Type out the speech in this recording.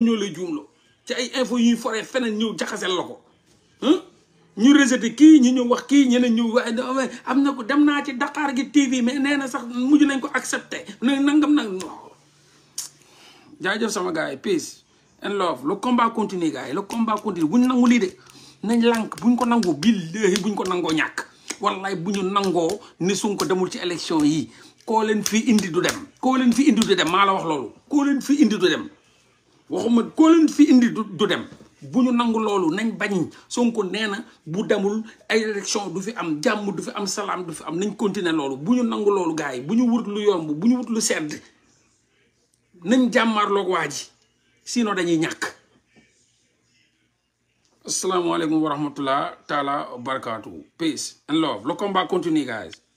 ñoo lay juumloo ci ay info yuy foree feneen ñëw jaxasel la ko ñu rejeté kii ñu ñëw wax kii ñeneen ñu waaye am na ko dem naa ci Dakar gi TV mais nee na sax mujj nañ ko accepté ne nangam nag jaajëf sama gars yi peace and love le combat yi le combat continue bu ñu nangu lii de nañ lànk buñ ko nangoo billahi buñ ko nangoo ñàkk wallaay bu ñu nangoo ni Sonko demul ci election yi koo leen fi indi du dem koo leen fi indi du dem maa la wax loolu koo leen fi indi du dem waxumat koo leen fi indi du dem bu ñu nangu loolu nañ bañ Sonko nee na bu demul ay élection du fi am jàmm du fi am salaam du fi am nañ continuer loolu bu ñu nangu loolu gars yi bu ñu wut lu yomb bu ñu wut lu sedd nañ jàmmaarloog waa ji sinon dañuy ñàkk asalaamaaleykum wa rahmatullah taala barakaatu peace and love le combat continue guys